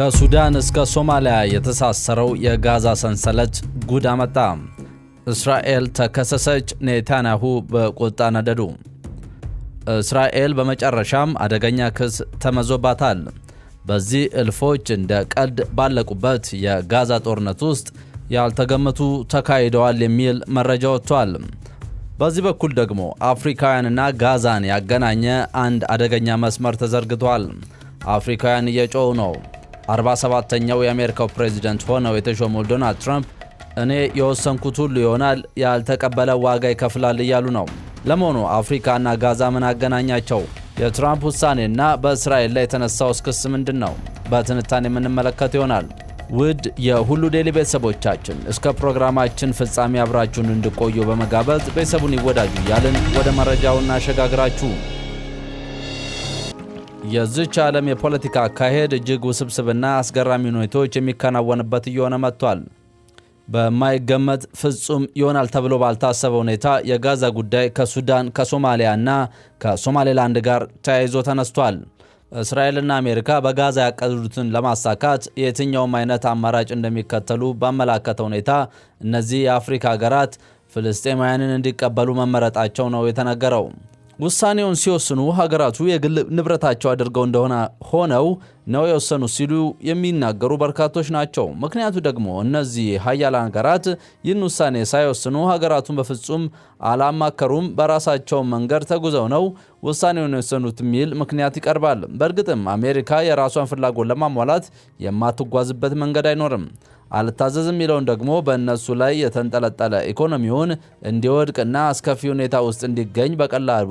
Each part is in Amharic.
ከሱዳን እስከ ሶማሊያ የተሳሰረው የጋዛ ሰንሰለት ጉድ አመጣ። እስራኤል ተከሰሰች፣ ኔታንያሁ በቁጣ ነደዱ። እስራኤል በመጨረሻም አደገኛ ክስ ተመዞባታል። በዚህ እልፎች እንደ ቀልድ ባለቁበት የጋዛ ጦርነት ውስጥ ያልተገመቱ ተካሂደዋል የሚል መረጃ ወጥቷል። በዚህ በኩል ደግሞ አፍሪካውያንና ጋዛን ያገናኘ አንድ አደገኛ መስመር ተዘርግቷል። አፍሪካውያን እየጮው ነው። 47ኛው የአሜሪካው ፕሬዚደንት ሆነው የተሾሙት ዶናልድ ትራምፕ እኔ የወሰንኩት ሁሉ ይሆናል፣ ያልተቀበለ ዋጋ ይከፍላል እያሉ ነው። ለመሆኑ አፍሪካና ጋዛ ምን አገናኛቸው? የትራምፕ ውሳኔና በእስራኤል ላይ የተነሳው ክስ ምንድን ነው? በትንታኔ የምንመለከት ይሆናል። ውድ የሁሉ ዴይሊ ቤተሰቦቻችን እስከ ፕሮግራማችን ፍጻሜ አብራችሁን እንድቆዩ በመጋበዝ ቤተሰቡን ይወዳጁ እያልን ወደ መረጃው እናሸጋግራችሁ። የዚች ዓለም የፖለቲካ አካሄድ እጅግ ውስብስብና አስገራሚ ሁኔታዎች የሚከናወንበት እየሆነ መጥቷል። በማይገመት ፍጹም ይሆናል ተብሎ ባልታሰበ ሁኔታ የጋዛ ጉዳይ ከሱዳን ከሶማሊያና ከሶማሌላንድ ጋር ተያይዞ ተነስቷል። እስራኤልና አሜሪካ በጋዛ ያቀዱትን ለማሳካት የትኛውም አይነት አማራጭ እንደሚከተሉ ባመላከተ ሁኔታ እነዚህ የአፍሪካ ሀገራት ፍልስጤማውያንን እንዲቀበሉ መመረጣቸው ነው የተነገረው። ውሳኔውን ሲወስኑ ሀገራቱ የግል ንብረታቸው አድርገው እንደሆነ ሆነው ነው የወሰኑ ሲሉ የሚናገሩ በርካቶች ናቸው። ምክንያቱ ደግሞ እነዚህ ሀያል ሀገራት ይህን ውሳኔ ሳይወስኑ ሀገራቱን በፍጹም አላማከሩም፣ በራሳቸው መንገድ ተጉዘው ነው ውሳኔውን የወሰኑት የሚል ምክንያት ይቀርባል። በእርግጥም አሜሪካ የራሷን ፍላጎት ለማሟላት የማትጓዝበት መንገድ አይኖርም። አልታዘዝ የሚለውን ደግሞ በእነሱ ላይ የተንጠለጠለ ኢኮኖሚውን እንዲወድቅና አስከፊ ሁኔታ ውስጥ እንዲገኝ በቀላሉ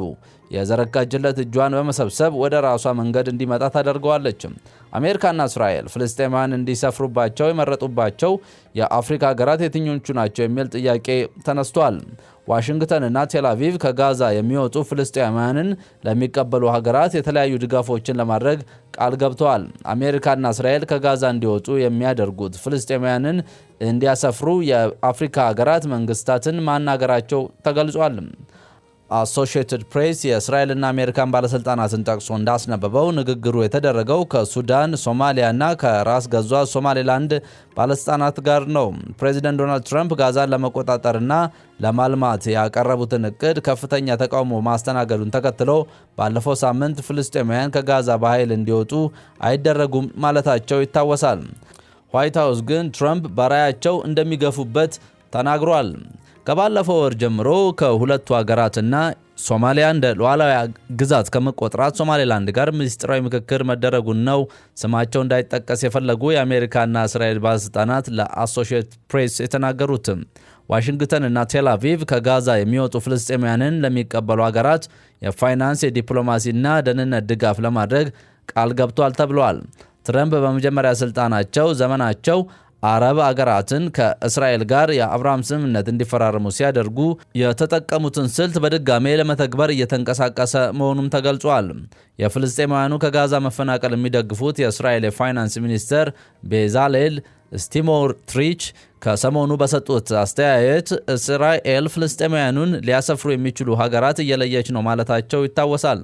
የዘረጋጅለት እጇን በመሰብሰብ ወደ ራሷ መንገድ እንዲመጣ ታደርገዋለች። አሜሪካና እስራኤል ፍልስጤማውያን እንዲሰፍሩባቸው የመረጡባቸው የአፍሪካ ሀገራት የትኞቹ ናቸው የሚል ጥያቄ ተነስቷል። ዋሽንግተንና ቴልአቪቭ ከጋዛ የሚወጡ ፍልስጤማውያንን ለሚቀበሉ ሀገራት የተለያዩ ድጋፎችን ለማድረግ ቃል ገብተዋል። አሜሪካና እስራኤል ከጋዛ እንዲወጡ የሚያደርጉት ፍልስጤማውያንን እንዲያሰፍሩ የአፍሪካ ሀገራት መንግስታትን ማናገራቸው ተገልጿል። አሶሽትድ ፕሬስ የእስራኤልና አሜሪካን ባለሥልጣናትን ጠቅሶ እንዳስነበበው ንግግሩ የተደረገው ከሱዳን፣ ሶማሊያና ከራስ ገዟ ሶማሌላንድ ባለሥልጣናት ጋር ነው። ፕሬዚደንት ዶናልድ ትራምፕ ጋዛን ለመቆጣጠርና ለማልማት ያቀረቡትን እቅድ ከፍተኛ ተቃውሞ ማስተናገዱን ተከትሎ ባለፈው ሳምንት ፍልስጤማውያን ከጋዛ በኃይል እንዲወጡ አይደረጉም ማለታቸው ይታወሳል። ዋይት ሀውስ ግን ትራምፕ በራያቸው እንደሚገፉበት ተናግሯል። ከባለፈው ወር ጀምሮ ከሁለቱ ሀገራትና ሶማሊያ እንደ ሉዓላዊ ግዛት ከመቆጥራት ሶማሌላንድ ጋር ምስጢራዊ ምክክር መደረጉን ነው ስማቸው እንዳይጠቀስ የፈለጉ የአሜሪካና እስራኤል ባለሥልጣናት ለአሶሺየት ፕሬስ የተናገሩትም። ዋሽንግተንና ቴል አቪቭ ከጋዛ የሚወጡ ፍልስጤማውያንን ለሚቀበሉ ሀገራት የፋይናንስ የዲፕሎማሲና ደህንነት ድጋፍ ለማድረግ ቃል ገብቷል ተብለዋል። ትረምፕ በመጀመሪያ ስልጣናቸው ዘመናቸው አረብ አገራትን ከእስራኤል ጋር የአብርሃም ስምምነት እንዲፈራረሙ ሲያደርጉ የተጠቀሙትን ስልት በድጋሜ ለመተግበር እየተንቀሳቀሰ መሆኑም ተገልጿል። የፍልስጤማውያኑ ከጋዛ መፈናቀል የሚደግፉት የእስራኤል የፋይናንስ ሚኒስትር ቤዛሌል ስቲሞትሪች ከሰሞኑ በሰጡት አስተያየት እስራኤል ፍልስጤማውያኑን ሊያሰፍሩ የሚችሉ ሀገራት እየለየች ነው ማለታቸው ይታወሳል።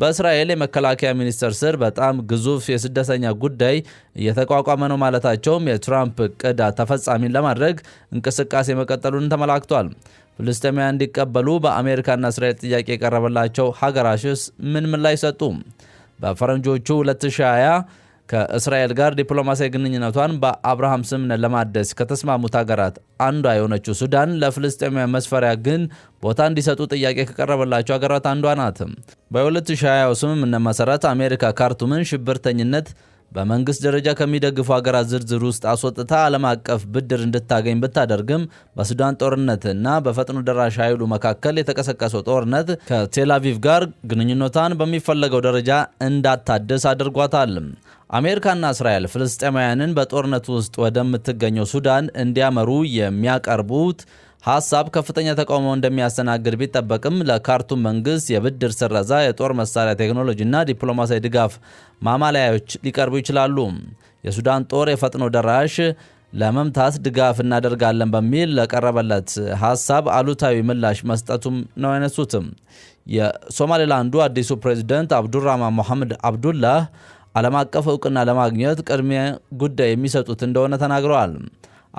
በእስራኤል የመከላከያ ሚኒስቴር ስር በጣም ግዙፍ የስደተኛ ጉዳይ እየተቋቋመ ነው ማለታቸውም የትራምፕ እቅድ ተፈጻሚን ለማድረግ እንቅስቃሴ መቀጠሉን ተመላክቷል። ፍልስጤማውያን እንዲቀበሉ በአሜሪካና እስራኤል ጥያቄ የቀረበላቸው ሀገራሽስ ምን ላይ ሰጡ? በፈረንጆቹ 2020 ከእስራኤል ጋር ዲፕሎማሲያዊ ግንኙነቷን በአብርሃም ስምምነት ለማደስ ከተስማሙት ሀገራት አንዷ የሆነችው ሱዳን ለፍልስጤማውያን መስፈሪያ ግን ቦታ እንዲሰጡ ጥያቄ ከቀረበላቸው ሀገራት አንዷ ናት። በ2020 ስምምነት መሰረት አሜሪካ ካርቱምን ሽብርተኝነት በመንግስት ደረጃ ከሚደግፉ ሀገራት ዝርዝር ውስጥ አስወጥታ ዓለም አቀፍ ብድር እንድታገኝ ብታደርግም በሱዳን ጦርነትና በፈጥኖ ደራሽ ኃይሉ መካከል የተቀሰቀሰው ጦርነት ከቴላቪቭ ጋር ግንኙነቷን በሚፈለገው ደረጃ እንዳታደስ አድርጓታል። አሜሪካና እስራኤል ፍልስጤማውያንን በጦርነት ውስጥ ወደምትገኘው ሱዳን እንዲያመሩ የሚያቀርቡት ሀሳብ ከፍተኛ ተቃውሞ እንደሚያስተናግድ ቢጠበቅም ለካርቱም መንግስት የብድር ስረዛ፣ የጦር መሳሪያ ቴክኖሎጂና ዲፕሎማሲያዊ ድጋፍ ማማለያዎች ሊቀርቡ ይችላሉ። የሱዳን ጦር የፈጥኖ ደራሽ ለመምታት ድጋፍ እናደርጋለን በሚል ለቀረበለት ሀሳብ አሉታዊ ምላሽ መስጠቱም ነው ያነሱትም። የሶማሌላንዱ አዲሱ ፕሬዚደንት አብዱራህማን ሞሐመድ አብዱላህ ዓለም አቀፍ እውቅና ለማግኘት ቅድሚያ ጉዳይ የሚሰጡት እንደሆነ ተናግረዋል።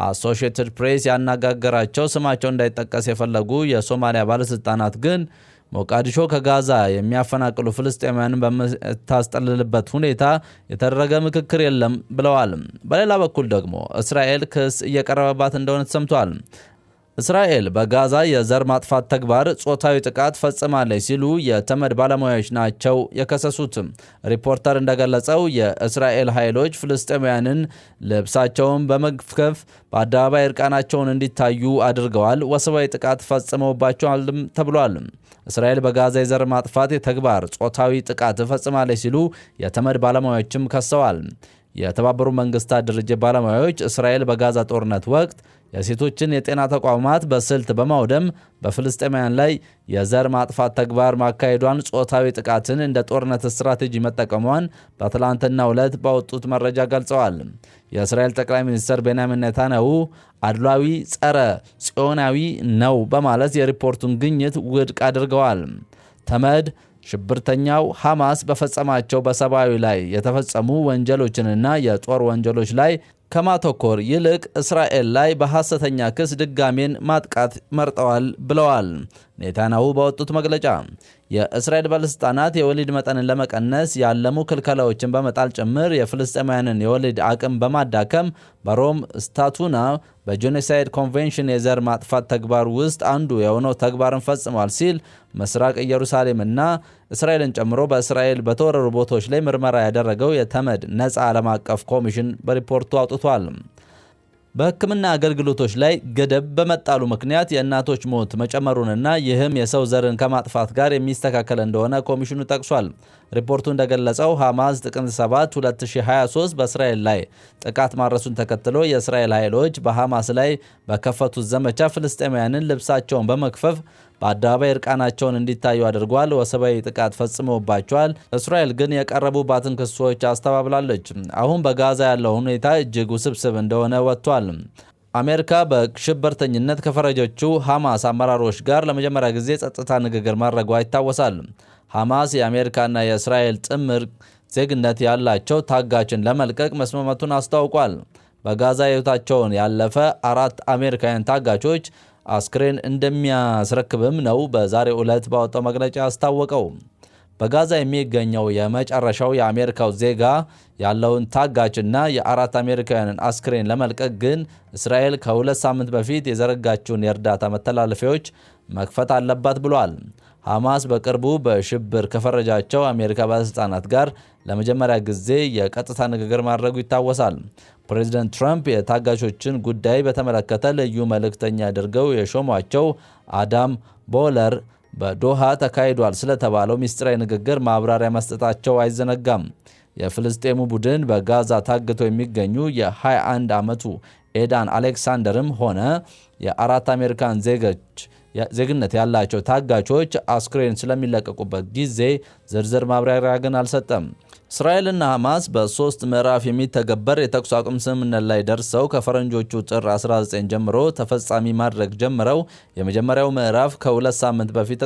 አሶሽትድ ፕሬስ ያነጋገራቸው ስማቸው እንዳይጠቀስ የፈለጉ የሶማሊያ ባለሥልጣናት ግን ሞቃዲሾ ከጋዛ የሚያፈናቅሉ ፍልስጤማውያንን በምታስጠልልበት ሁኔታ የተደረገ ምክክር የለም ብለዋል። በሌላ በኩል ደግሞ እስራኤል ክስ እየቀረበባት እንደሆነ ተሰምቷል። እስራኤል በጋዛ የዘር ማጥፋት ተግባር ጾታዊ ጥቃት ፈጽማለች ሲሉ የተመድ ባለሙያዎች ናቸው የከሰሱትም። ሪፖርተር እንደገለጸው የእስራኤል ኃይሎች ፍልስጤማውያንን ልብሳቸውን በመግፈፍ በአደባባይ እርቃናቸውን እንዲታዩ አድርገዋል፣ ወሲባዊ ጥቃት ፈጽመውባቸዋልም ተብሏል። እስራኤል በጋዛ የዘር ማጥፋት ተግባር ጾታዊ ጥቃት ፈጽማለች ሲሉ የተመድ ባለሙያዎችም ከሰዋል። የተባበሩ መንግስታት ድርጅት ባለሙያዎች እስራኤል በጋዛ ጦርነት ወቅት የሴቶችን የጤና ተቋማት በስልት በማውደም በፍልስጤማውያን ላይ የዘር ማጥፋት ተግባር ማካሄዷን፣ ጾታዊ ጥቃትን እንደ ጦርነት ስትራቴጂ መጠቀሟን በትላንትናው ዕለት ባወጡት መረጃ ገልጸዋል። የእስራኤል ጠቅላይ ሚኒስትር ቤንያሚን ኔታንያሁ አድሏዊ፣ ጸረ ጽዮናዊ ነው በማለት የሪፖርቱን ግኝት ውድቅ አድርገዋል። ተመድ ሽብርተኛው ሐማስ በፈጸማቸው በሰብአዊ ላይ የተፈጸሙ ወንጀሎችንና የጦር ወንጀሎች ላይ ከማተኮር ይልቅ እስራኤል ላይ በሐሰተኛ ክስ ድጋሜን ማጥቃት መርጠዋል ብለዋል ኔታንያሁ በወጡት መግለጫ። የእስራኤል ባለሥልጣናት የወሊድ መጠንን ለመቀነስ ያለሙ ክልከላዎችን በመጣል ጭምር የፍልስጤማውያንን የወሊድ አቅም በማዳከም በሮም ስታቱና በጄኖሳይድ ኮንቬንሽን የዘር ማጥፋት ተግባር ውስጥ አንዱ የሆነው ተግባርን ፈጽሟል ሲል ምስራቅ ኢየሩሳሌምና እስራኤልን ጨምሮ በእስራኤል በተወረሩ ቦታዎች ላይ ምርመራ ያደረገው የተመድ ነፃ ዓለም አቀፍ ኮሚሽን በሪፖርቱ አውጥቷል። በሕክምና አገልግሎቶች ላይ ገደብ በመጣሉ ምክንያት የእናቶች ሞት መጨመሩንና ይህም የሰው ዘርን ከማጥፋት ጋር የሚስተካከል እንደሆነ ኮሚሽኑ ጠቅሷል። ሪፖርቱ እንደገለጸው ሐማስ ጥቅምት 7 2023 በእስራኤል ላይ ጥቃት ማድረሱን ተከትሎ የእስራኤል ኃይሎች በሐማስ ላይ በከፈቱት ዘመቻ ፍልስጤማውያንን ልብሳቸውን በመክፈፍ በአደባባይ እርቃናቸውን እንዲታዩ አድርጓል። ወሰባዊ ጥቃት ፈጽመውባቸዋል። እስራኤል ግን የቀረቡባትን ክሶች አስተባብላለች። አሁን በጋዛ ያለው ሁኔታ እጅግ ውስብስብ እንደሆነ ወጥቷል። አሜሪካ በሽብርተኝነት ከፈረጀችው ሐማስ አመራሮች ጋር ለመጀመሪያ ጊዜ ጸጥታ ንግግር ማድረጓ ይታወሳል። ሐማስ የአሜሪካና የእስራኤል ጥምር ዜግነት ያላቸው ታጋችን ለመልቀቅ መስማማቱን አስታውቋል። በጋዛ ሕይወታቸውን ያለፈ አራት አሜሪካውያን ታጋቾች አስክሬን እንደሚያስረክብም ነው በዛሬ ዕለት ባወጣው መግለጫ አስታወቀው። በጋዛ የሚገኘው የመጨረሻው የአሜሪካው ዜጋ ያለውን ታጋችና የአራት አሜሪካውያንን አስክሬን ለመልቀቅ ግን እስራኤል ከሁለት ሳምንት በፊት የዘረጋችውን የእርዳታ መተላለፊያዎች መክፈት አለባት ብሏል። ሐማስ በቅርቡ በሽብር ከፈረጃቸው አሜሪካ ባለሥልጣናት ጋር ለመጀመሪያ ጊዜ የቀጥታ ንግግር ማድረጉ ይታወሳል። ፕሬዚደንት ትራምፕ የታጋቾችን ጉዳይ በተመለከተ ልዩ መልእክተኛ አድርገው የሾሟቸው አዳም ቦለር በዶሃ ተካሂዷል ስለተባለው ሚስጥራዊ ንግግር ማብራሪያ መስጠታቸው አይዘነጋም። የፍልስጤሙ ቡድን በጋዛ ታግተው የሚገኙ የ21 ዓመቱ ኤዳን አሌክሳንደርም ሆነ የአራት አሜሪካን ዜጎች ዜግነት ያላቸው ታጋቾች አስክሬን ስለሚለቀቁበት ጊዜ ዝርዝር ማብራሪያ ግን አልሰጠም። እስራኤልና ሐማስ በሶስት ምዕራፍ የሚተገበር የተኩስ አቁም ስምምነት ላይ ደርሰው ከፈረንጆቹ ጥር 19 ጀምሮ ተፈጻሚ ማድረግ ጀምረው የመጀመሪያው ምዕራፍ ከሁለት ሳምንት በፊት